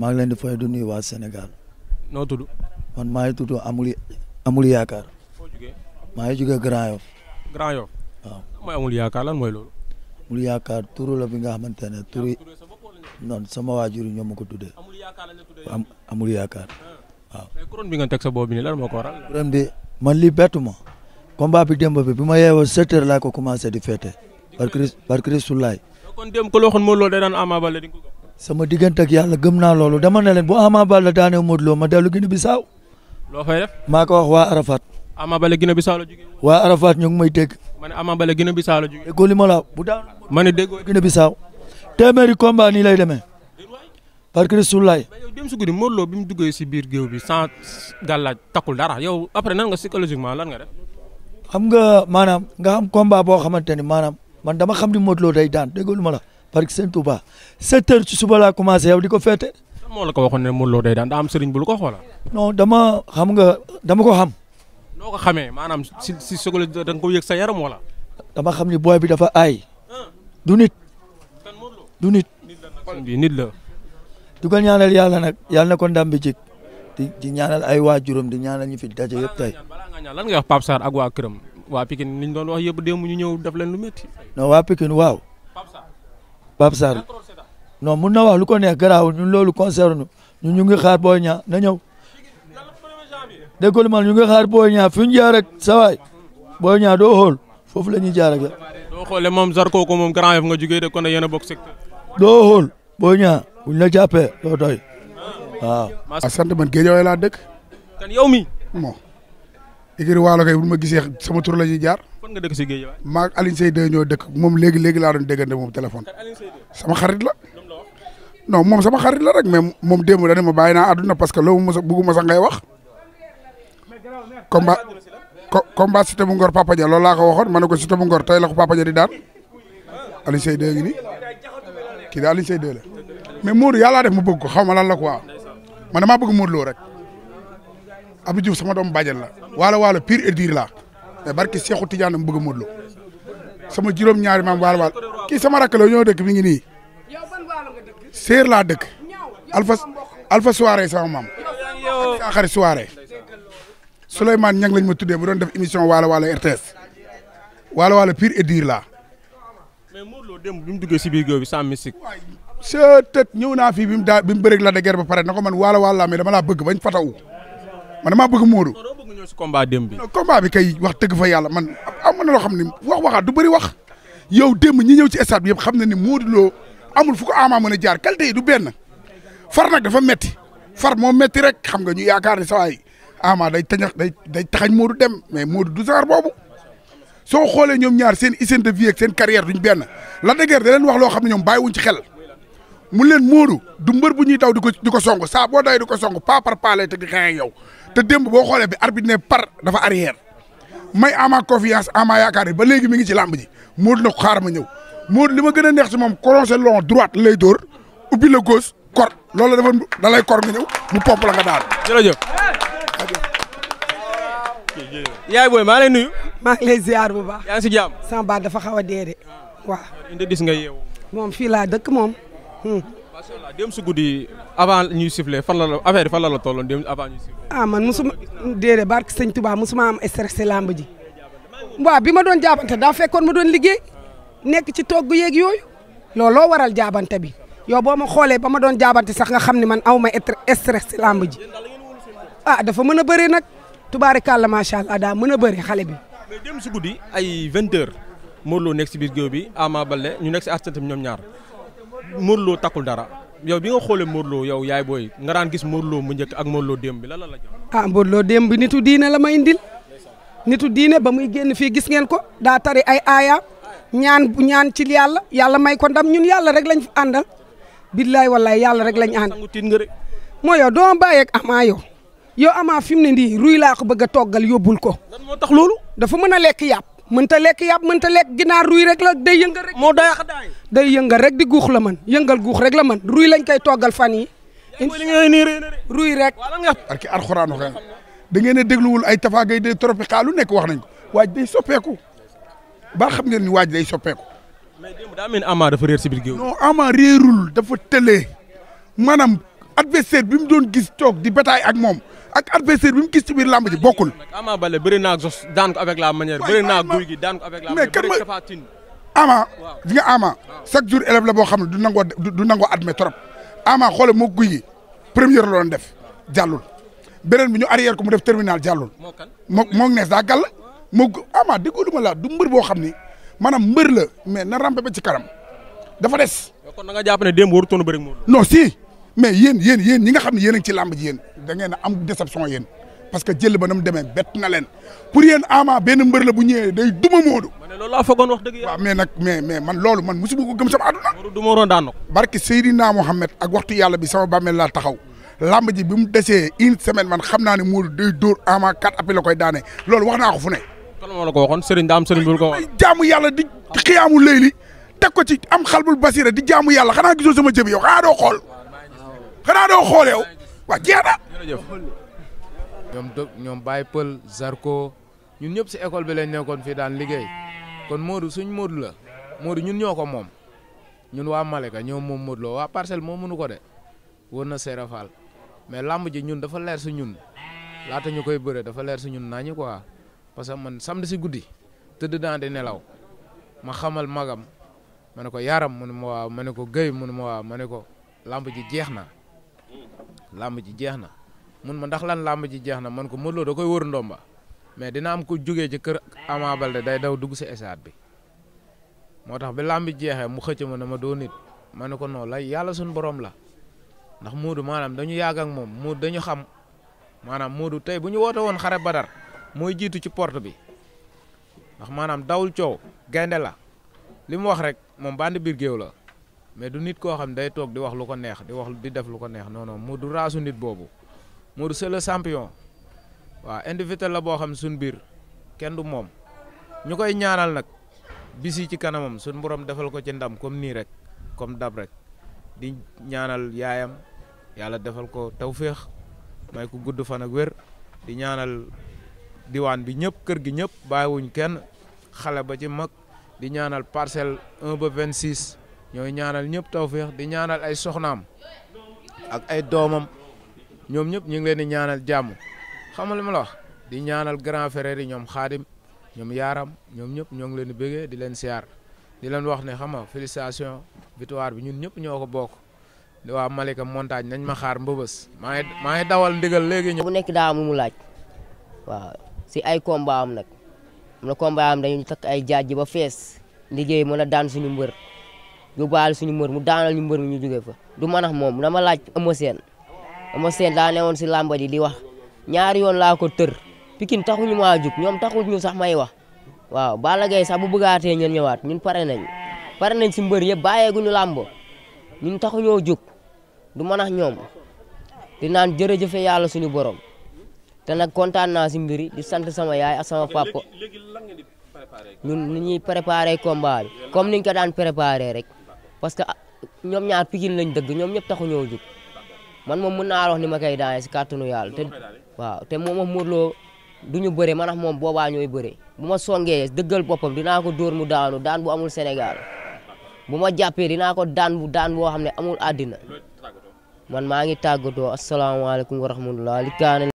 maa ngi leen di fay du nuyu waa Sénégal. noo tudd. man maa ngi tudd amul amul yaakaar. foo jugee. maa ngi jugee Grand Yoff. Grand Yoff. waaw mooy amul yaakaar lan mooy loolu. amul yaakaar turu la bi nga xamante ne turu non sama waajur ñoom ma ko tuddee. am amul yaakaar. Ah. waaw mais bi nga teg sa boobu bi nii lan moo ko waral. couronne bi man lii bettu ma. combat bi démb bi bi ma yeewoo sept laa ko commencé di féete. par Christ par Christ Soulaye. sama diggante ak yàlla gëm naa loolu dama ne leen boo Ama Baldé daanee Modou ma dellu Guinée Bissau. loo fay def. maa ko wax waa Arafat. Ama Baldé Guinée Bissau la waa Arafat ñu ngi may dégg. ma ne Ama Baldé Guinée Bissau la jógee. déggoo li ma la bu daan. ma ne déggoo Guinée Bissau. nii lay demee. parce que Rasulullah. yow dem si guddi Modou bi mu duggee si biir géew bi sans gàllaaj takkul dara yow après nan nga psychologiquement lan nga def. xam nga maanaam nga am combat boo xamante ni maanaam man dama xam ni Modou day daan déggoo li ma la. parce que sëñ tu sept heures ci suba laa commencé yow di ko féete. la ko waxoon ne Modou Lo day daan daa am bu lu ko xoolal. non dama xam nga dama ko xam. noo ko xamee maanaam si si sogol da nga ko yëg sa yaram wala. dama xam ni booy bi dafa ay du nit. du nit. bi nit la. du ko ñaanal yàlla nag yàlla na ko ndam bi jik di di ñaanal ay waajuram di ñaanal ñu daje yëpp tey. lan nga ak waa këram waa Pikine li ñu doon wax yëpp démb ñu ñëw def leen lu métti. non waa Pikine waaw. Pape Sarr non mun na wax lu ko neex garaawul ñun loolu concerne ñun ñu ngi xaar Boy Niang na ñëw dégg nga man ñu ngi xaar Boy Niang fi ñu jaar rek sa waay Boy Niang doo xool foofu la ñuy jaar rek la. doo xoolee moom Zarko ko moom Grand Yoff nga jugee de kon yéen a bokk secteur. doo xool Boy Niang buñ la jàppee doo doy ah. waaw. maa ah, sant man Guédiawaye laa dëkk. écurie Waalo kay bu ma gisee sama tur la ñuy jaar. fan nga dëkk si géej waay. maa ak Alioune Seye ñoo dëkk moom léegi léegi laa doon déggante téléphone. sama xarit la. non moom sama xarit la rek mais moom démb da ne ma bàyyi naa àdduna parce que loolu mos a bugguma sax ngay wax. combat bu Ngor Papa Dia loolu laa ko waxoon ma ne ko Siteu bu Ngor tey la ko Papa Dia di daan Alioune Seye ngi nii kii daal Alioune Seye la mais Modou yàlla def ma bëgg ko xaw ma lan la quoi ma damaa bëgg Modou Lo rek. Abdou Diouf sama doom bàjjen la waalo waalo piir et la mais barki Seexu Tijaan mu bëgg a modlu sama juróom-ñaari maam waalo waalo kii sama rakk la ñoo dëkk mi ngi nii séer laa dëkk alpha alpha soirée sama maam saaxari soirée Souleymane Niang lañ ma tuddee bu doon def émission waalo waalo RTS waalo waalo piir et la mais Modou Lo mu duggee si biir géew bi sans mystique. waay sa tët naa fii bi mu daa bi mu bëreeg la de guerre ba pare na ko man waalo waalo laa mais dama laa bëgg bañ fatawu man damaa bëgg Modou. non bëgg ñëw si combat kay wax dëgg fa yàlla man a na loo xam ni wax waxaat du bëri wax yow démb ñi ñëw ci stade bi yëpp xam na ni Modou Lo amul fu ko Ama mën a jaar qualité yi du benn far nag dafa metti far moo metti rek xam nga ñu yaakaar ne saa yi Ama day tañax day day taxañ Modou dem mais Modou du genre boobu soo xoolee ñoom ñaar seen hygiène de vie ak seen carrière duñ benn la dëgër da leen wax loo xam ne ñoom bàyyiwuñ ci xel. mu leen Modou du mbër bu ñuy daw di ko di ko song saa boo day ko song pas par pas lay yow te démb boo xoolee bi arbitre ne par dafa arrière may ama confiance ama yaakaar yi ba léegi mi ngi ci làmb ji Modou na ko xaar ma ñëw Modou li ma gën a neex ci moom crochet long droite lay dóor ubbi la gauche kor loolu dafa da lay kor nga ñëw mu pomp la nga daal. jërëjëf. yaay booy maa lay nuyu. maa ngi lay ziar bu baax. yaa si jàmm. Samba dafa xaw a dee de waaw. indi dis nga yeewu. moom fii laa dëkk moom. Hmm. macha allah démb su guddi avant ñuy siffler fan la la affaire fan la la tolloon démb avant ñuy siffler. ah man mosuma déedéet barke sëñ Touba mosuma am stress lamb ji waaw bi ma doon jaabante daa fekkoon ma doon liggéey nekk ci togg yeeg yooyu looloo waral jaabante bi yow boo ma xoolee ba ma doon jaabante sax nga xam ne man aw ma stress lamb ji ah dafa mën a bëree nag tubaarikàlla macha allah daa mën a bëree xale bi. mais démb su guddi ay 20 heures Modou Lo nekk si biir géew bi Ama Baldé ñu nekk si artiste bi ñoom ñaar. Modou Lo takkul dara yow bi nga xoolee Modou Lo yow yaay booy nga daan gis Modou mu njëkk ak Modou Lo démb bi la la la jox. ah Modou Lo démb bi nitu diine la ma indil nitu diine ba muy génn fii gis ngeen ko daa tari ay aaya ñaan ñaan ci yàlla yàlla may ko ndam ñun yàlla rek lañ fi àndal billaay wallaay yàlla rek lañ ànd. moo yow doo bàyyeeg Ama yow yow Ama fi mu ne nii ruy laa ko bëgg a toggal yóbbul ko. moo tax loolu. dafa mën a lekk yàpp. mënta lekk yàpp mënta lekk ginaar ruy rek la day yëngal rek. moo daayax daay. day yëngal rek di guux la man yëngal guux rek la man ruy lañ koy toggal fan yi. ruy rek. parce que arxuraanu xeex da ngeen a dégluwul ay tafaagay day tropical lu nekk wax nañ ko waaj day soppeeku ba xam ngeen ni waaj day soppeeku. mais démb daa mel dafa réer si biir géew. non Ama réerul dafa tëlee maanaam adversaire bi mu doon gis toog di bataay ak moom. ak adversaire bi mu gis ci biir làmb ji bokkul. Ama Baldé bëri naa ak Zoss daan ko avec la manière bëri naa Gouye Gui daan ko avec la manière bëri Taphatine ama jour élève la boo xam ne du nangoo du nangoo admet trop ama xoole moo guy gi première la doon def jàllul beneen bi ñu arrière ko mu def terminal jàllul moo moo nees daa gàll moo ama déggoo lu ma la du mbër boo xam ni maanaam mbër la mais na rampe ba ci kanam dafa des kon da nga jàpp ne démb warutoon bëri moom non si mais yéen yéen yéen ñi nga xam ne yéen a ngi ci làmb ji yéen da ngeen a am déception yéen parce que jël na mu demee bett na leen pour yéen Ama benn mbër la bu ñëwee day duma Modou. ma mais mais mais man loolu man mosuma ko gëm sama àdduna. Modou du ma waroon daan ko. barke Seydina Mohamed ak waxtu yàlla bi sama bàmmeel laa taxaw làmb bi mu desee une semaine man xam naa ne Modou day dóor Ama quatre appels la koy daanee loolu wax naa ko fu ne. kon la ko waxoon Serigne daa am Serigne bu ko wax. jaamu yàlla di xiyaamu léegi teg ko ci am xalbul basira di jaamu yàlla xanaa gisoo sama jëbi xool xanaa doo xoolee wu jeex na. ñoom dë ñoom Baye Pël Zarko ñun ñëpp si école bi lañ nekkoon fii daan liggéey kon Modou suñ Modou la Modou ñun ñoo ko moom ñun waa Malika ñoom moom Modou la waa parcelle moom mënu ko de wër na Serap Fall mais làmb ji ñun dafa leer si ñun laata ñu koy bëre dafa leer si ñun naa ñu ko parce que man samda si guddi tëdd daan di nelaw ma xamal magam ma ne ko yaaram mu ne ma waa ma ne ko gëy mu ma waa ma ne ko làmb ji jeex na. làmb ji jeex na mun ma ndax lan làmb ji jeex na man ko Modou Lo koy wër ndomba mais dina am ko jógee ci kër Ama Baldé day daw dugg si esaat bi moo tax bi làmb jeexee mu xëcc ma na ma doo nit ma ne ko non lay yàlla suñu borom la ndax Modou maanaam dañu yàgg ak moom Modou dañu xam maanaam Modou tey bu ñu woote woon xare Badar mooy jiitu ci porte bi ndax maanaam dawul coow gaynde la li mu wax rek moom bandi biir géew la mais du nit koo xam ne day toog di wax lu ko neex di wax di def lu ko neex non non Modou raasu nit boobu Modou c'est le champion waaw individuel la boo xam suñ biir kenn du moom ñu koy ñaanal nag bisi ci kanamam suñ borom defal ko ci ndam comme nii rek comme dab rek di ñaanal yaayam yàlla defal ko tawféex may ku gudd fan ak wér di ñaanal diwaan bi ñëpp kër gi ñëpp bàyyiwuñ kenn xale ba ci mag di ñaanal parcelle 1 ba 26. ñooy ñaanal ñëpp tawféex di ñaanal ay soxnaam ak ay doomam ñoom ñëpp ñu ngi leen di ñaanal jàmm xamal ma la wax di ñaanal grand frère yi ñoom xaadim ñoom yaaram ñoom ñëpp ñoo ngi leen di bëggee di leen siyaar di leen wax ne xam nga félicitation victoire bi ñun ñëpp ñoo ko bokk waa Malika montagne nañ ma xaar mbëbës maa maa ngi dawal ndigal léegi ñëw bu nekk daa am mu laaj waaw si ay combat am nag am na combat am dañu takk ay jaaj ba fees liggéey mën a daan suñu mbër yóbbaale suñu mbër mu daanal ñu mbër mi ñu jógee fa du man ax moom dama laaj Eumeu Sène Eumeu Sène daa si làmba ji di wax ñaari yoon laa ko tër Pikine taxuñu maa jug ñoom taxul ñu sax may wax waaw Balla Gaye sax bu bëggaatee ñun ñëwaat ñun pare nañ pare nañ si mbër yëpp bàyyeeguñu làmb ñun taxuñoo jug du man ax ñoom di naan jërëjëfe yàlla suñu borom te nag kontaan naa si mbiri di sant sama yaay ak sama ñun ni ñuy préparé combat bi comme niñ ko daan préparé rek parce que ñoom ñaar Pikine lañ dëgg ñoom ñëpp taxu ñoo jóg man moom mun naa ni ma koy daane si kàttanu yàlla te waaw te moom ma Modou Lo du ñu bëre man ak moom boobaa ñooy bëre bu ma songee dëggal boppam naa ko dóor mu daanu daan bu amul Sénégal bu ma jàppee dinaa ko daan bu daan boo xam ne amul àddina man maa ngi tàggatoo asalaamaaleykum wa rahmatulah li kaane